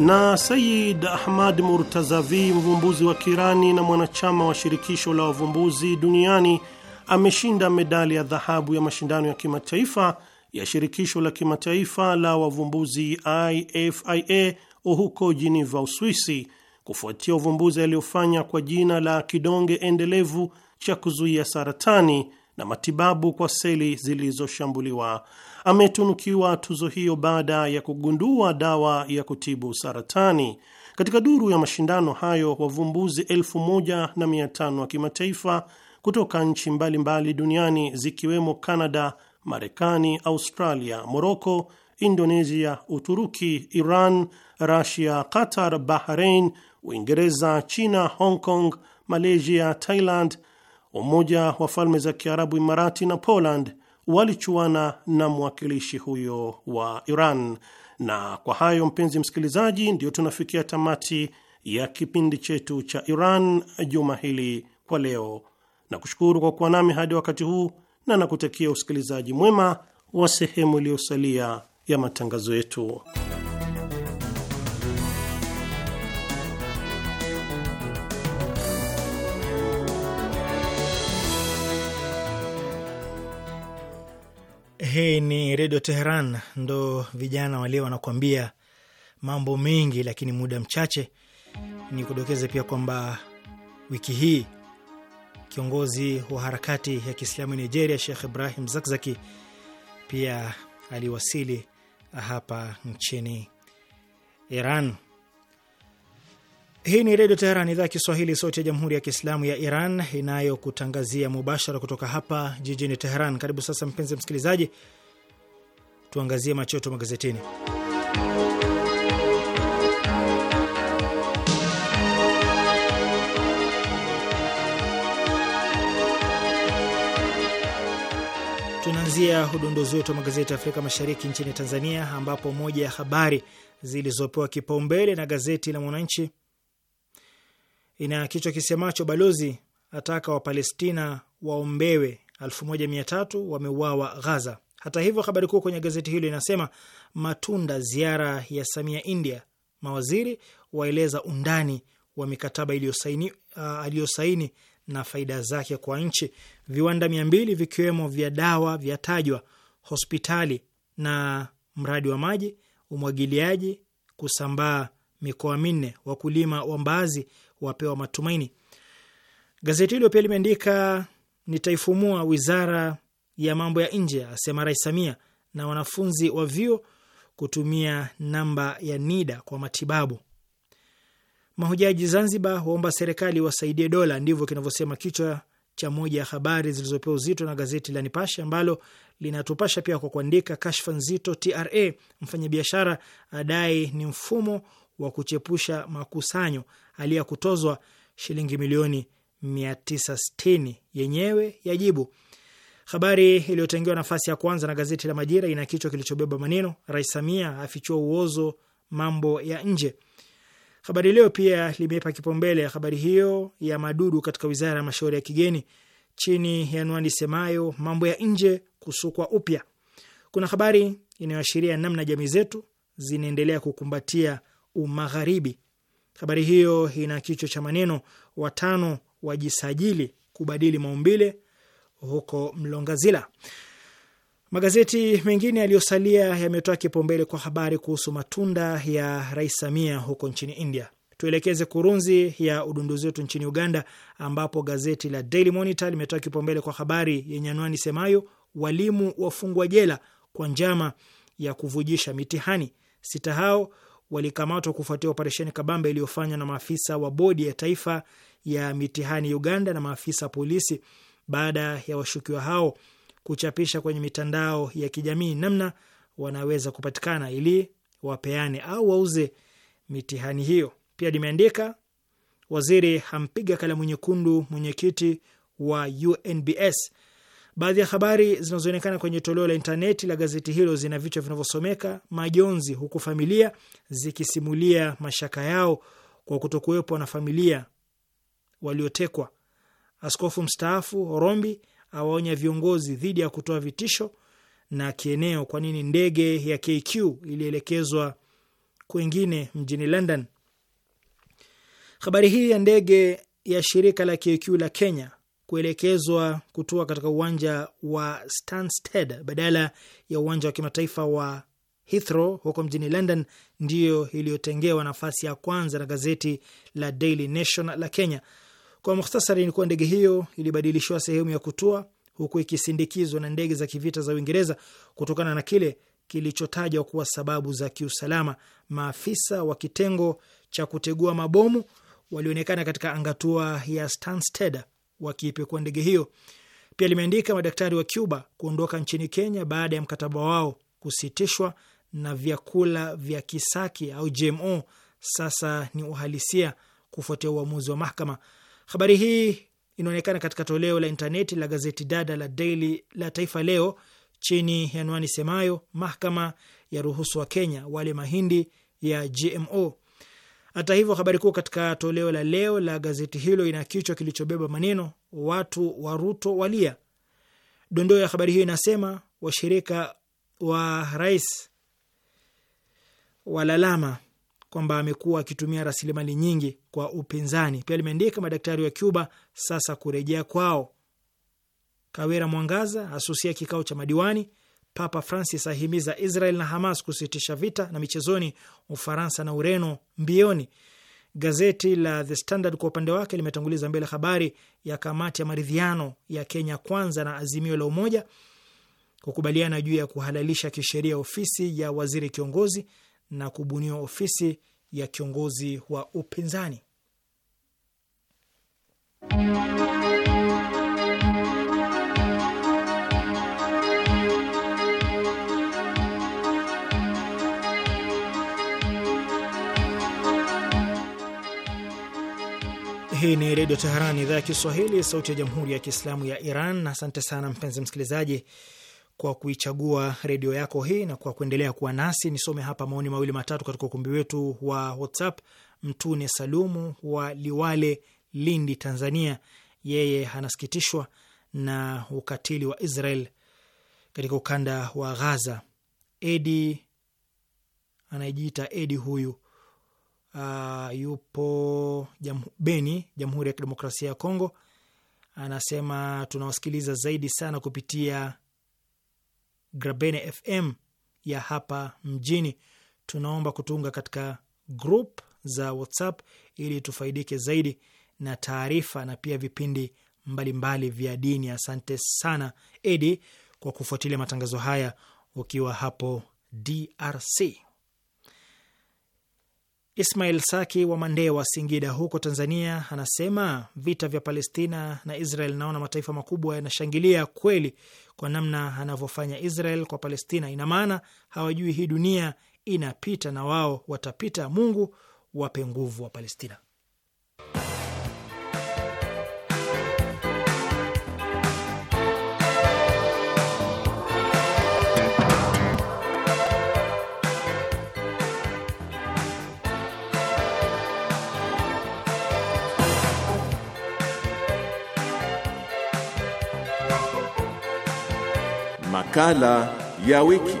na Sayid Ahmad Murtazavi, mvumbuzi wa Kirani na mwanachama wa shirikisho la wavumbuzi duniani, ameshinda medali ya dhahabu ya mashindano ya kimataifa ya shirikisho la kimataifa la wavumbuzi IFIA huko jiniva Uswisi, kufuatia uvumbuzi aliyofanya kwa jina la kidonge endelevu cha kuzuia saratani na matibabu kwa seli zilizoshambuliwa ametunukiwa tuzo hiyo baada ya kugundua dawa ya kutibu saratani. Katika duru ya mashindano hayo, wavumbuzi 1500 wa kimataifa kutoka nchi mbalimbali mbali duniani zikiwemo canada Marekani, Australia, Moroko, Indonesia, Uturuki, Iran, Rasia, Qatar, Bahrain, Uingereza, China, Hong Kong, Malaysia, Thailand, Umoja wa Falme za Kiarabu, Imarati na Poland walichuana na mwakilishi huyo wa Iran. Na kwa hayo, mpenzi msikilizaji, ndio tunafikia tamati ya kipindi chetu cha Iran juma hili kwa leo. Nakushukuru kwa kuwa nami hadi wakati huu na nakutakia usikilizaji mwema wa sehemu iliyosalia ya matangazo yetu. Hii ni Redio Teheran. Ndo vijana walio wanakuambia mambo mengi, lakini muda mchache. Ni kudokeze pia kwamba wiki hii kiongozi wa harakati ya Kiislamu Nigeria, shekh Ibrahim Zakzaki pia aliwasili hapa nchini Iran. Hii ni Redio Teheran, idhaa ya Kiswahili, sauti ya Jamhuri ya Kiislamu ya Iran, inayokutangazia mubashara kutoka hapa jijini Teheran. Karibu sasa, mpenzi msikilizaji, tuangazie machoto magazetini. Tunaanzia udondozi wetu wa magazeti ya Afrika Mashariki nchini Tanzania, ambapo moja ya habari zilizopewa kipaumbele na gazeti la Mwananchi ina kichwa kisemacho balozi ataka Wapalestina waombewe, wameuawa Ghaza. Hata hivyo, habari kuu kwenye gazeti hilo inasema matunda ziara ya Samia India, mawaziri waeleza undani wa mikataba aliyosaini uh, aliyosaini na faida zake kwa nchi. Viwanda mia mbili vikiwemo vya dawa vyatajwa, hospitali na mradi wa maji umwagiliaji kusambaa mikoa minne. Wakulima wa mbaazi wapewa matumaini. Gazeti hilo pia limeandika nitaifumua wizara ya mambo ya nje, asema Rais Samia, na wanafunzi wa vyuo kutumia namba ya NIDA kwa matibabu. Mahujaji Zanzibar waomba serikali wasaidie dola, ndivyo kinavyosema kichwa cha moja ya habari zilizopewa uzito na gazeti la Nipashe ambalo linatupasha pia kwa kuandika kashfa nzito TRA, mfanyabiashara adai ni mfumo wa kuchepusha makusanyo, aliya kutozwa shilingi milioni 960 yenyewe yajibu. Habari iliyotengewa nafasi ya kwanza na gazeti la Majira ina kichwa kilichobeba maneno Rais Samia afichua uozo mambo ya nje. Habari Leo pia limeipa kipaumbele habari hiyo ya madudu katika wizara ya mashauri ya kigeni chini ya anwani semayo mambo ya nje kusukwa upya. Kuna habari inayoashiria namna jamii zetu zinaendelea kukumbatia umagharibi Habari hiyo ina kichwa cha maneno watano wajisajili kubadili maumbile huko Mlongazila. Magazeti mengine yaliyosalia yametoa kipaumbele kwa habari kuhusu matunda ya Rais Samia huko nchini India. Tuelekeze kurunzi ya udunduzi wetu nchini Uganda, ambapo gazeti la Daily Monitor limetoa kipaumbele kwa habari yenye anwani semayo walimu wafungwa jela kwa njama ya kuvujisha mitihani. Sita hao walikamatwa kufuatia operesheni kabamba iliyofanywa na maafisa wa bodi ya taifa ya mitihani Uganda na maafisa polisi baada ya washukiwa hao kuchapisha kwenye mitandao ya kijamii namna wanaweza kupatikana ili wapeane au wauze mitihani hiyo. Pia limeandika waziri hampiga kalamu nyekundu mwenyekiti wa UNBS Baadhi ya habari zinazoonekana kwenye toleo la intaneti la gazeti hilo zina vichwa vinavyosomeka majonzi, huku familia zikisimulia mashaka yao kwa kutokuwepo na familia waliotekwa, askofu mstaafu Orombi awaonya viongozi dhidi ya kutoa vitisho, na kieneo, kwa nini ndege ya KQ ilielekezwa kwengine mjini London. Habari hii ya ndege ya shirika la KQ la Kenya kuelekezwa kutua katika uwanja wa Stansted badala ya uwanja wa kimataifa wa Heathrow huko mjini London ndiyo iliyotengewa nafasi ya kwanza na gazeti la Daily Nation la Kenya. Kwa mukhtasari, ni kuwa ndege hiyo ilibadilishiwa sehemu ya kutua huku ikisindikizwa na ndege za kivita za Uingereza kutokana na kile kilichotajwa kuwa sababu za kiusalama. Maafisa wa kitengo cha kutegua mabomu walionekana katika angatua ya Stansted wakiipekua ndege hiyo. Pia limeandika madaktari wa Cuba kuondoka nchini Kenya baada ya mkataba wao kusitishwa na vyakula vya kisaki au GMO sasa ni uhalisia kufuatia uamuzi wa mahakama. Habari hii inaonekana katika toleo la intaneti la gazeti dada la Daily la Taifa Leo chini ya anwani semayo mahakama ya ruhusu wa Kenya wale mahindi ya GMO. Hata hivyo, habari kuu katika toleo la leo la gazeti hilo ina kichwa kilichobeba maneno watu wa Ruto walia. Dondoo ya habari hiyo inasema washirika wa rais walalama kwamba amekuwa akitumia rasilimali nyingi kwa upinzani. Pia limeandika madaktari wa Cuba sasa kurejea kwao. Kawera Mwangaza asusia kikao cha madiwani Papa Francis ahimiza Israel na Hamas kusitisha vita, na michezoni, Ufaransa na Ureno mbioni. Gazeti la The Standard kwa upande wake limetanguliza mbele habari ya kamati ya maridhiano ya Kenya Kwanza na Azimio la Umoja kukubaliana juu ya kuhalalisha kisheria ofisi ya waziri kiongozi na kubuniwa ofisi ya kiongozi wa upinzani. Hii ni Redio Teheran, idhaa ya Kiswahili, sauti ya Jamhuri ya Kiislamu ya Iran. Na asante sana mpenzi msikilizaji kwa kuichagua redio yako hii na kwa kuendelea kuwa nasi. Nisome hapa maoni mawili matatu katika ukumbi wetu wa WhatsApp. Mtune Salumu wa Liwale, Lindi, Tanzania, yeye anasikitishwa na ukatili wa Israel katika ukanda wa Ghaza. Edi anayejiita Edi huyu Uh, yupo jamu, Beni, Jamhuri ya Kidemokrasia ya Kongo, anasema tunawasikiliza zaidi sana kupitia Grabene FM ya hapa mjini. Tunaomba kutunga katika grup za WhatsApp ili tufaidike zaidi na taarifa na pia vipindi mbalimbali mbali vya dini. Asante sana Edi kwa kufuatilia matangazo haya ukiwa hapo DRC. Ismail Saki wa Mandewa, wa Singida huko Tanzania anasema vita vya Palestina na Israel, naona mataifa makubwa yanashangilia kweli kwa namna anavyofanya Israel kwa Palestina. Ina maana hawajui hii dunia inapita na wao watapita. Mungu wape nguvu wa Palestina. makala ya wiki.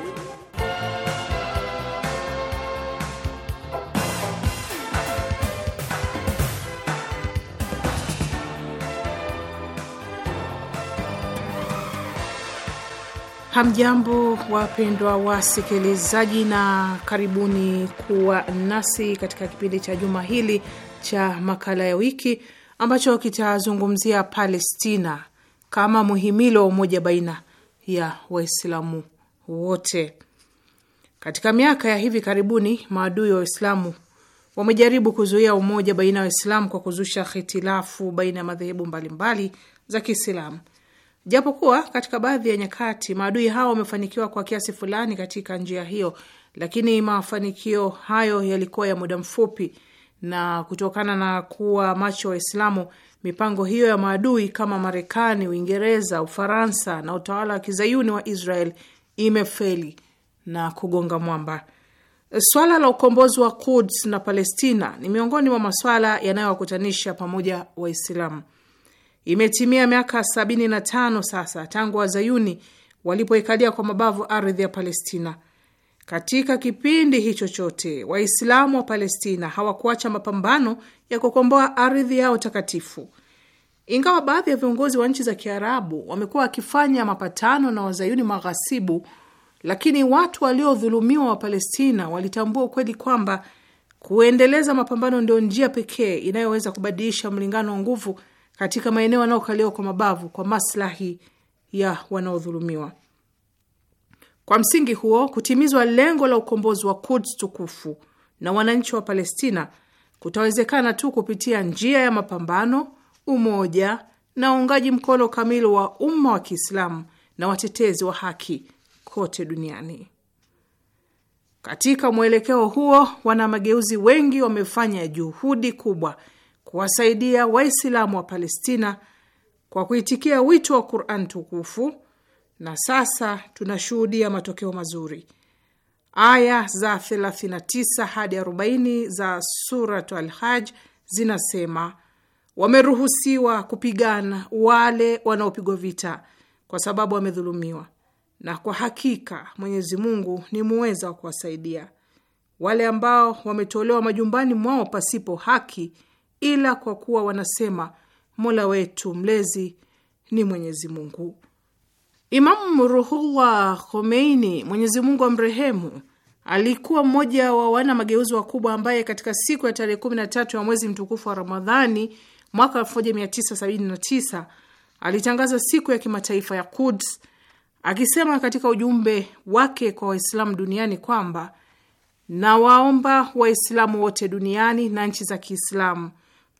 Hamjambo, wapendwa wasikilizaji, na karibuni kuwa nasi katika kipindi cha juma hili cha makala ya wiki ambacho kitazungumzia Palestina kama muhimilo wa umoja baina ya Waislamu wote. Katika miaka ya hivi karibuni, maadui wa Waislamu wamejaribu kuzuia umoja baina ya Waislamu kwa kuzusha hitilafu baina ya madhehebu mbalimbali za Kiislamu. Japokuwa katika baadhi ya nyakati maadui hao wamefanikiwa kwa kiasi fulani katika njia hiyo, lakini mafanikio hayo yalikuwa ya muda mfupi, na kutokana na kuwa macho Waislamu Mipango hiyo ya maadui kama Marekani, Uingereza, Ufaransa na utawala wa kizayuni wa Israel imefeli na kugonga mwamba. Swala la ukombozi wa Kuds na Palestina ni miongoni mwa maswala yanayowakutanisha pamoja Waislamu. Imetimia miaka 75 sasa tangu wazayuni walipoikalia kwa mabavu ardhi ya Palestina. Katika kipindi hicho chote Waislamu wa Palestina hawakuacha mapambano ya kukomboa ardhi yao takatifu, ingawa baadhi ya viongozi wa nchi za Kiarabu wamekuwa wakifanya mapatano na wazayuni maghasibu, lakini watu waliodhulumiwa wa Palestina walitambua ukweli kwamba kuendeleza mapambano ndio njia pekee inayoweza kubadilisha mlingano wa nguvu katika maeneo yanayokaliwa kwa mabavu kwa maslahi ya wanaodhulumiwa. Kwa msingi huo, kutimizwa lengo la ukombozi wa kuds tukufu na wananchi wa Palestina kutawezekana tu kupitia njia ya mapambano, umoja na uungaji mkono kamili wa umma wa Kiislamu na watetezi wa haki kote duniani. Katika mwelekeo huo, wana mageuzi wengi wamefanya juhudi kubwa kuwasaidia Waislamu wa Palestina kwa kuitikia wito wa Qur'an tukufu na sasa tunashuhudia matokeo mazuri. Aya za 39 hadi 40 za Suratu Alhaj zinasema wameruhusiwa kupigana wale wanaopigwa vita kwa sababu wamedhulumiwa, na kwa hakika Mwenyezi Mungu ni muweza wa kuwasaidia wale ambao wametolewa majumbani mwao pasipo haki, ila kwa kuwa wanasema mola wetu mlezi ni Mwenyezi Mungu. Imamu Ruhullah Khomeini, Mwenyezi Mungu amrehemu, alikuwa mmoja wa wana mageuzi wakubwa ambaye katika siku ya tarehe tatu ya mwezi mtukufu wa Ramadhani mwaka 1979 alitangaza siku ya kimataifa ya Quds akisema katika ujumbe wake kwa Waislamu duniani kwamba nawaomba Waislamu wote duniani na nchi za Kiislamu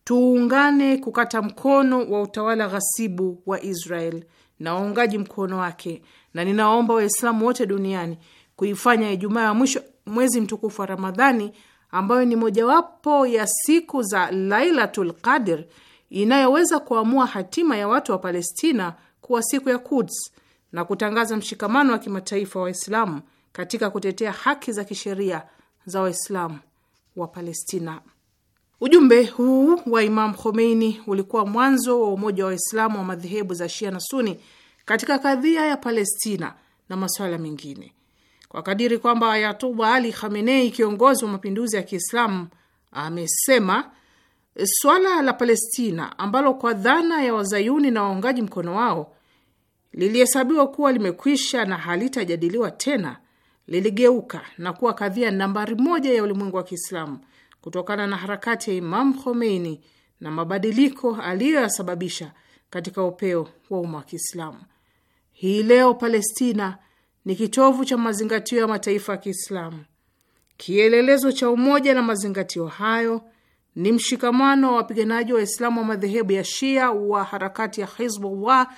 tuungane kukata mkono wa utawala ghasibu wa Israel na waungaji mkono wake, na ninawaomba Waislamu wote duniani kuifanya Ijumaa ya mwisho mwezi mtukufu wa Ramadhani, ambayo ni mojawapo ya siku za Lailatul Qadr inayoweza kuamua hatima ya watu wa Palestina kuwa siku ya Quds na kutangaza mshikamano wa kimataifa wa Waislamu katika kutetea haki za kisheria za Waislamu wa Palestina. Ujumbe huu wa Imam Khomeini ulikuwa mwanzo wa umoja wa Waislamu wa madhehebu za Shia na Suni katika kadhia ya Palestina na masuala mengine, kwa kadiri kwamba Ayatullah Ali Khamenei, kiongozi wa mapinduzi ya Kiislamu, amesema swala la Palestina ambalo kwa dhana ya wazayuni na waungaji mkono wao lilihesabiwa kuwa limekwisha na halitajadiliwa tena, liligeuka na kuwa kadhia nambari moja ya ulimwengu wa Kiislamu kutokana na harakati ya Imam Khomeini na mabadiliko aliyoyasababisha katika upeo wa umma wa Kiislamu. Hii leo Palestina ni kitovu cha mazingatio ya mataifa ya Kiislamu. Kielelezo cha umoja na mazingatio hayo ni mshikamano wa wapiganaji wa Waislamu wa madhehebu ya Shia wa harakati ya Hizbullah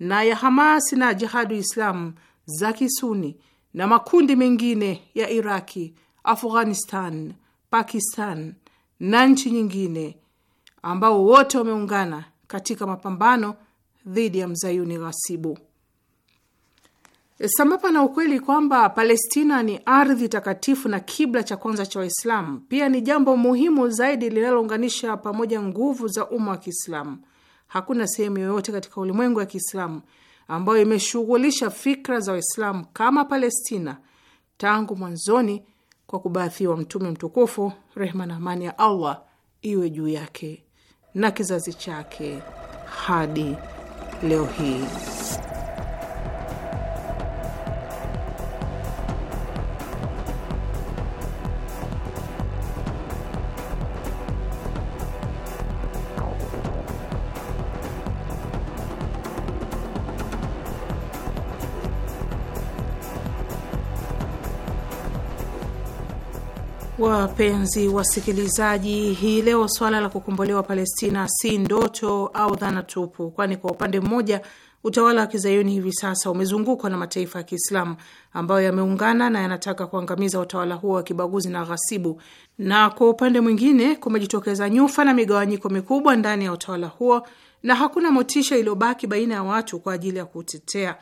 na ya Hamas na Jihadu Islamu za Kisuni na makundi mengine ya Iraki, Afghanistan, Pakistan na nchi nyingine ambao wote wameungana katika mapambano dhidi ya mzayuni ghasibu. Sambamba na ukweli kwamba Palestina ni ardhi takatifu na kibla cha kwanza cha Waislamu, pia ni jambo muhimu zaidi linalounganisha pamoja nguvu za umma wa Kiislamu. Hakuna sehemu yoyote katika ulimwengu wa Kiislamu ambayo imeshughulisha fikra za Waislamu kama Palestina tangu mwanzoni kwa kubaathiwa Mtume mtukufu, rehma na amani ya Allah iwe juu yake na kizazi chake hadi leo hii. Wapenzi wasikilizaji, hii leo swala la kukombolewa Palestina si ndoto au dhana tupu, kwani kwa upande mmoja utawala wa kizayuni hivi sasa umezungukwa na mataifa ya Kiislamu ambayo yameungana na yanataka kuangamiza utawala huo wa kibaguzi na ghasibu, na kwa upande mwingine kumejitokeza nyufa na migawanyiko mikubwa ndani ya utawala huo, na hakuna motisha iliyobaki baina ya watu kwa ajili ya kutetea.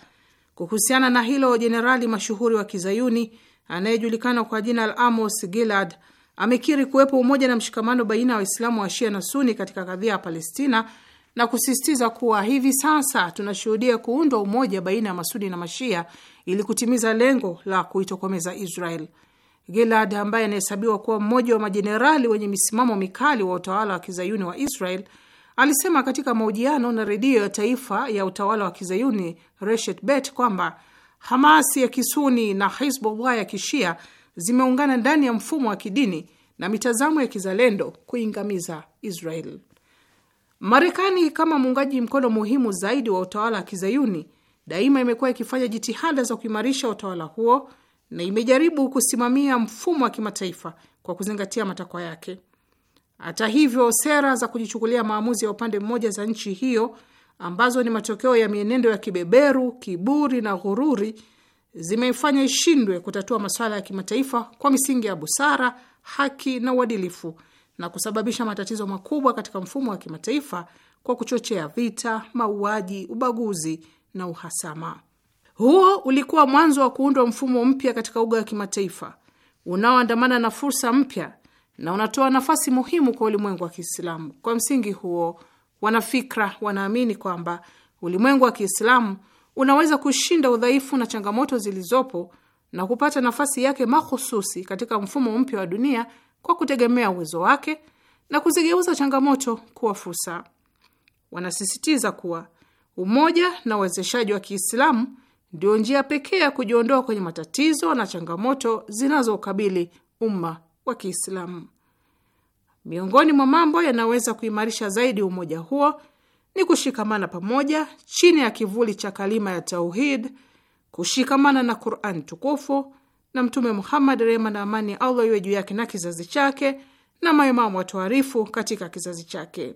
Kuhusiana na hilo, jenerali mashuhuri wa kizayuni anayejulikana kwa jina la Amos Gilad amekiri kuwepo umoja na mshikamano baina ya Waislamu wa Shia na Suni katika kadhia ya Palestina na kusisitiza kuwa hivi sasa tunashuhudia kuundwa umoja baina ya Masuni na Mashia ili kutimiza lengo la kuitokomeza Israel. Gilad ambaye anahesabiwa kuwa mmoja wa majenerali wenye misimamo mikali wa utawala wa kizayuni wa Israel alisema katika mahojiano na redio ya taifa ya utawala wa kizayuni Reshet Bet kwamba Hamas ya Kisuni na Hizbullah ya Kishia zimeungana ndani ya mfumo wa kidini na mitazamo ya kizalendo kuingamiza Israel. Marekani kama muungaji mkono muhimu zaidi wa utawala wa kizayuni daima imekuwa ikifanya jitihada za kuimarisha utawala huo na imejaribu kusimamia mfumo wa kimataifa kwa kuzingatia matakwa yake. Hata hivyo, sera za kujichukulia maamuzi ya upande mmoja za nchi hiyo ambazo ni matokeo ya mienendo ya kibeberu, kiburi na ghururi zimeifanya ishindwe kutatua masuala ya kimataifa kwa misingi ya busara, haki na uadilifu na kusababisha matatizo makubwa katika mfumo wa kimataifa kwa kuchochea vita, mauaji, ubaguzi na uhasama. Huo ulikuwa mwanzo wa kuundwa mfumo mpya katika uga wa kimataifa unaoandamana na fursa mpya na unatoa nafasi muhimu kwa ulimwengu wa Kiislamu. Kwa msingi huo Wanafikra wanaamini kwamba ulimwengu wa Kiislamu unaweza kushinda udhaifu na changamoto zilizopo na kupata nafasi yake mahususi katika mfumo mpya wa dunia kwa kutegemea uwezo wake na kuzigeuza changamoto kuwa fursa. Wanasisitiza kuwa umoja na uwezeshaji wa Kiislamu ndio njia pekee ya kujiondoa kwenye matatizo na changamoto zinazoukabili umma wa Kiislamu. Miongoni mwa mambo yanaweza kuimarisha zaidi umoja huo ni kushikamana pamoja chini ya kivuli cha kalima ya tauhid, kushikamana na Quran tukufu na Mtume Muhammad, rehma na amani ya Allah iwe juu yake na kizazi chake, na maimamu watoarifu katika kizazi chake.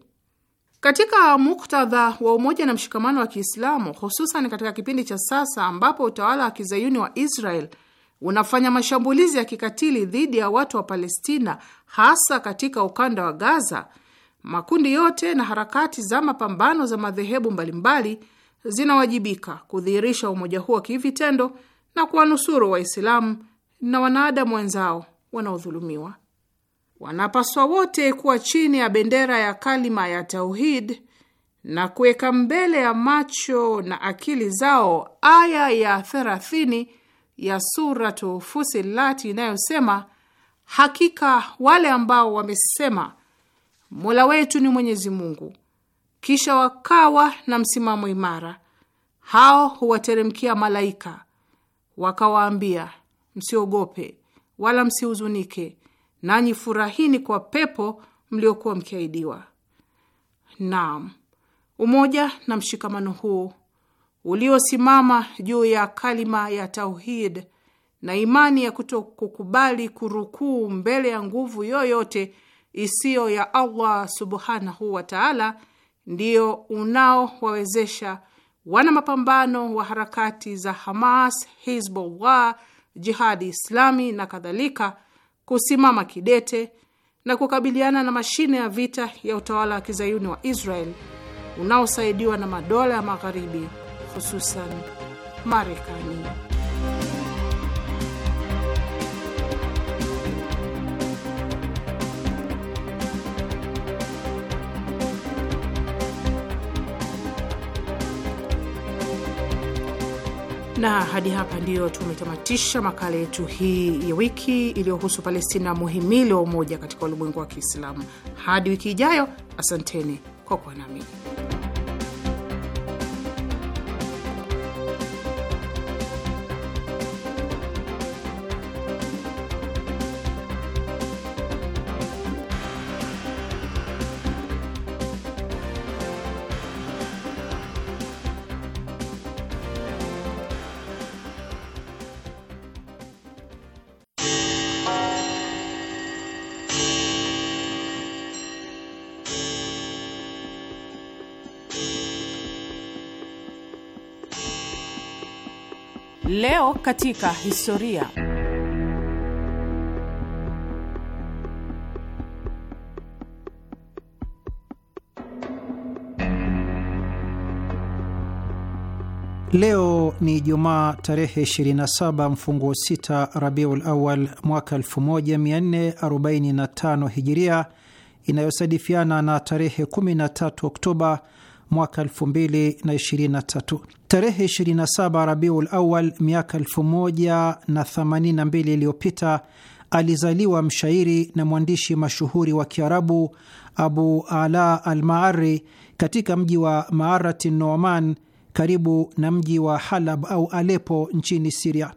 Katika muktadha wa umoja na mshikamano wa Kiislamu, hususan katika kipindi cha sasa ambapo utawala wa kizayuni wa Israel unafanya mashambulizi ya kikatili dhidi ya watu wa Palestina, hasa katika ukanda wa Gaza, makundi yote na harakati za mapambano za madhehebu mbalimbali zinawajibika kudhihirisha umoja huo kivitendo na kuwanusuru Waislamu na wanadamu wenzao wanaodhulumiwa. Wanapaswa wote kuwa chini ya bendera ya kalima ya tauhid na kuweka mbele ya macho na akili zao aya ya thelathini ya Suratu Fusilati inayosema, hakika wale ambao wamesema mola wetu ni Mwenyezi Mungu, kisha wakawa na msimamo imara, hao huwateremkia malaika wakawaambia, msiogope wala msihuzunike, nanyi furahini kwa pepo mliokuwa mkiaidiwa Naam, umoja na mshikamano huu uliosimama juu ya kalima ya tauhid na imani ya kutokukubali kurukuu mbele ya nguvu yoyote isiyo ya Allah subhanahu wa taala, ndio unaowawezesha wana mapambano wa harakati za Hamas, Hizbullah, Jihadi Islami na kadhalika kusimama kidete na kukabiliana na mashine ya vita ya utawala wa kizayuni wa Israel unaosaidiwa na madola ya Magharibi hususan Marekani. Na hadi hapa ndiyo tumetamatisha makala yetu hii ya wiki iliyohusu Palestina, muhimili wa umoja katika ulimwengu wa Kiislamu. Hadi wiki ijayo, asanteni kwa kuwa nami. katika historia. Leo ni Jumaa tarehe 27 mfunguo 6 Rabiul Awal mwaka 1445 Hijiria, inayosadifiana na tarehe 13 Oktoba mwaka 2023. Tarehe 27 Rabiul Awal miaka 1082 iliyopita alizaliwa mshairi na mwandishi mashuhuri wa Kiarabu Abu Ala al Maari katika mji wa Maarati Noman karibu na mji wa Halab au Alepo nchini Siria.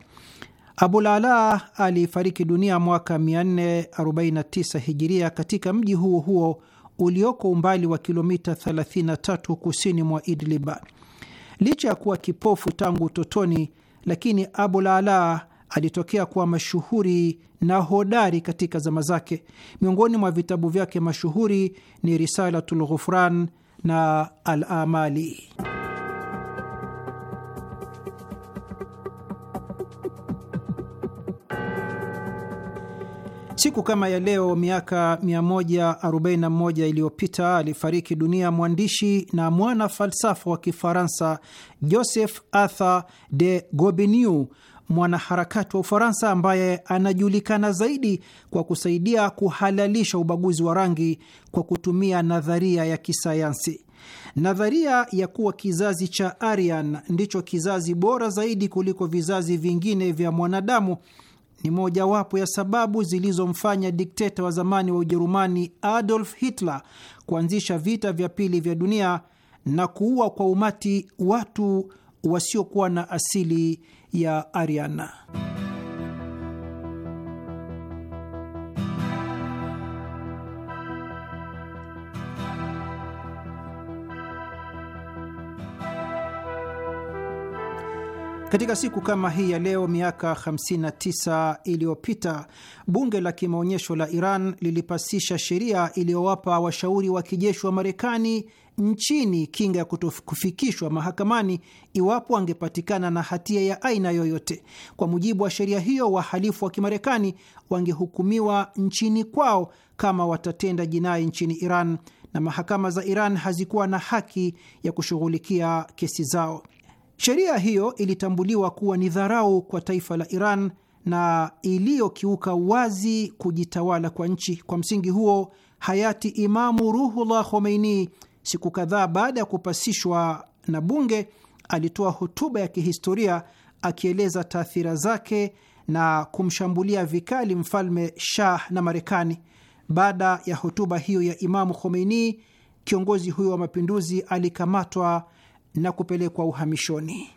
Abulala alifariki dunia mwaka 449 hijiria katika mji huo huo ulioko umbali wa kilomita 33 kusini mwa Idlib. Licha ya kuwa kipofu tangu utotoni, lakini Abul Lala alitokea kuwa mashuhuri na hodari katika zama zake. Miongoni mwa vitabu vyake mashuhuri ni Risalatul Ghufran na Al Amali. Siku kama ya leo miaka 141 iliyopita alifariki dunia mwandishi na mwana falsafa wa Kifaransa Joseph Arthur de Gobineau, mwanaharakati wa Ufaransa ambaye anajulikana zaidi kwa kusaidia kuhalalisha ubaguzi wa rangi kwa kutumia nadharia ya kisayansi. Nadharia ya kuwa kizazi cha Aryan ndicho kizazi bora zaidi kuliko vizazi vingine vya mwanadamu ni mojawapo ya sababu zilizomfanya dikteta wa zamani wa Ujerumani Adolf Hitler kuanzisha vita vya pili vya dunia na kuua kwa umati watu wasiokuwa na asili ya Ariana. Katika siku kama hii ya leo miaka 59 iliyopita bunge la kimaonyesho la Iran lilipasisha sheria iliyowapa washauri wa kijeshi wa Marekani nchini kinga ya kutokufikishwa mahakamani iwapo angepatikana na hatia ya aina yoyote. Kwa mujibu wa sheria hiyo, wahalifu wa Kimarekani wangehukumiwa nchini kwao kama watatenda jinai nchini Iran, na mahakama za Iran hazikuwa na haki ya kushughulikia kesi zao. Sheria hiyo ilitambuliwa kuwa ni dharau kwa taifa la Iran na iliyokiuka wazi kujitawala kwa nchi. Kwa msingi huo, hayati Imamu Ruhullah Khomeini, siku kadhaa baada ya kupasishwa na bunge, alitoa hotuba ya kihistoria akieleza taathira zake na kumshambulia vikali mfalme Shah na Marekani. Baada ya hotuba hiyo ya Imamu Khomeini, kiongozi huyo wa mapinduzi alikamatwa na kupelekwa uhamishoni.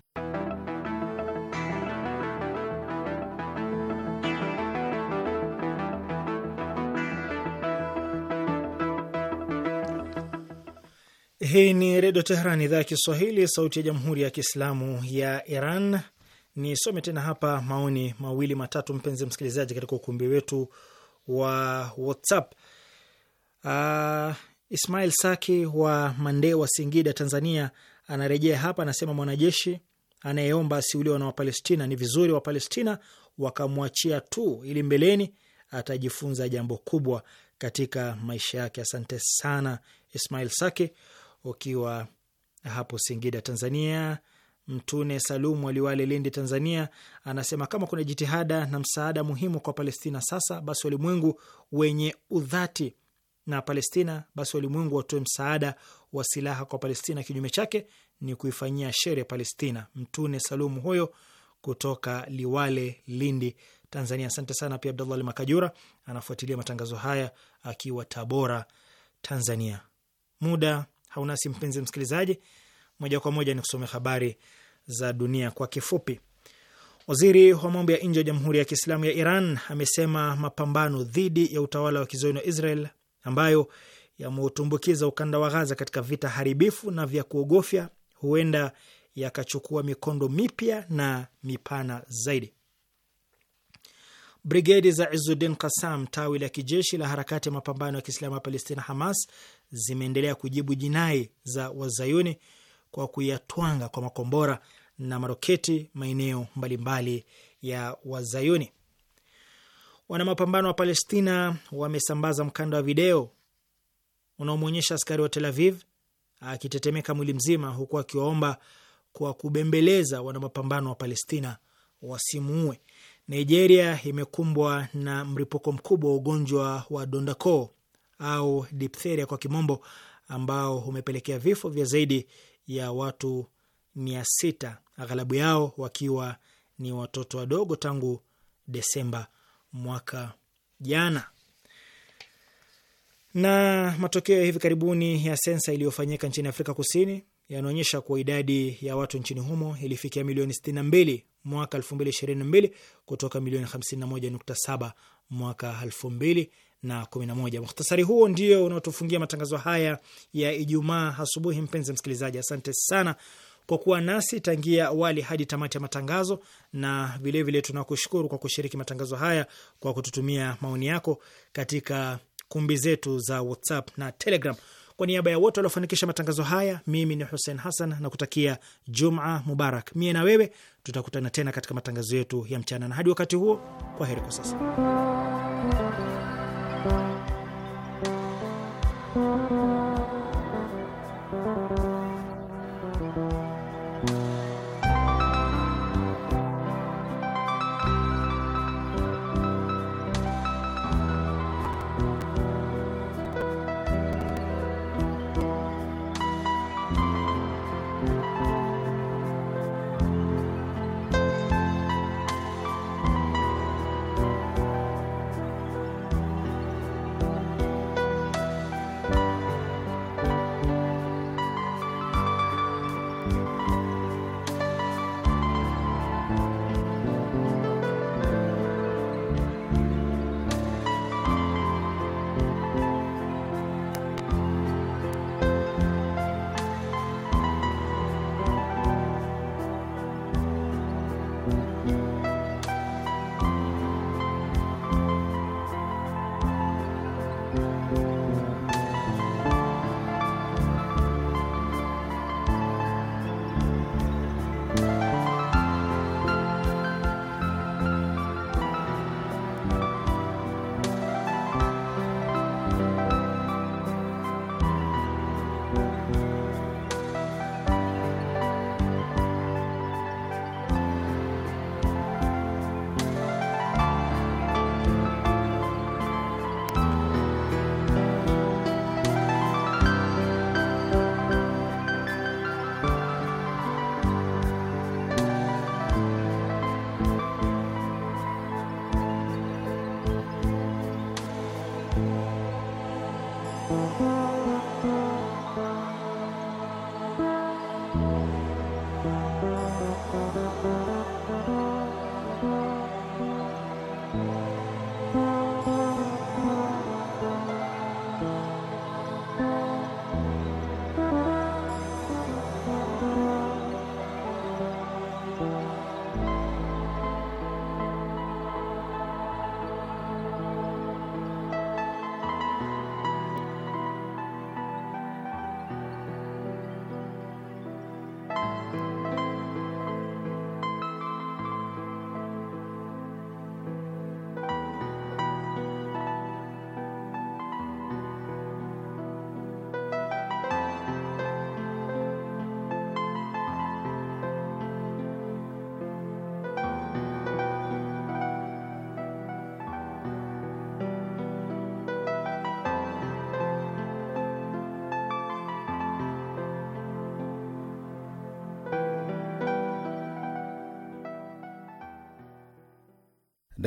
Hii ni Redio Teheran, idhaa ya Kiswahili, sauti ya Jamhuri ya Kiislamu ya Iran. Nisome tena hapa maoni mawili matatu, mpenzi msikilizaji, katika ukumbi wetu wa WhatsApp. Uh, Ismail Saki wa Mandewa, wa Singida, Tanzania Anarejea hapa anasema, mwanajeshi anayeomba asiuliwa na Wapalestina ni vizuri Wapalestina wakamwachia tu, ili mbeleni atajifunza jambo kubwa katika maisha yake. Asante sana Ismail Sake ukiwa hapo Singida, Tanzania. Mtune Salumu Aliwale, Lindi, Tanzania, anasema kama kuna jitihada na msaada muhimu kwa Palestina sasa, basi walimwengu wenye udhati na Palestina, basi walimwengu watoe msaada wa silaha kwa Palestina. Kinyume chake ni kuifanyia shere Palestina. Mtune Salumu huyo kutoka Liwale, Lindi, Tanzania. Asante sana. Pia Abdallah Makajura anafuatilia matangazo haya akiwa Tabora, Tanzania. Muda haunasi mpenzi msikilizaji, moja kwa moja ni kusomea habari za dunia kwa kifupi. Waziri wa mambo ya nje wa Jamhuri ya Kiislamu ya Iran amesema mapambano dhidi ya utawala wa kizayuni wa Israel ambayo yameutumbukiza ukanda wa Ghaza katika vita haribifu na vya kuogofya, huenda yakachukua mikondo mipya na mipana zaidi. Brigedi za Izudin Kasam, tawi la kijeshi la harakati ya mapambano ya Kiislamu ya Palestina, Hamas, zimeendelea kujibu jinai za wazayuni kwa kuyatwanga kwa makombora na maroketi maeneo mbalimbali ya wazayuni. Wanamapambano wa Palestina wamesambaza mkanda wa video unaomwonyesha askari wa Tel Aviv akitetemeka mwili mzima, huku akiwaomba kwa kubembeleza wanamapambano wa Palestina wasimuue. Nigeria imekumbwa na mlipuko mkubwa wa ugonjwa wa dondako au diphtheria kwa kimombo, ambao umepelekea vifo vya zaidi ya watu mia sita, aghalabu yao wakiwa ni watoto wadogo tangu Desemba mwaka jana. Na matokeo ya hivi karibuni ya sensa iliyofanyika nchini Afrika Kusini yanaonyesha kuwa idadi ya watu nchini humo ilifikia milioni 62 mwaka 2022 kutoka milioni 51.7 mwaka 11. Mukhtasari huo ndio unaotufungia matangazo haya ya Ijumaa asubuhi. Mpenzi msikilizaji, asante sana kwa kuwa nasi tangia awali hadi tamati ya matangazo, na vilevile tunakushukuru kwa kushiriki matangazo haya kwa kututumia maoni yako katika kumbi zetu za WhatsApp na Telegram. Kwa niaba ya wote waliofanikisha matangazo haya, mimi ni Hussein Hassan na kutakia Juma Mubarak. Mie na wewe tutakutana tena katika matangazo yetu ya mchana, na hadi wakati huo, kwa heri kwa sasa.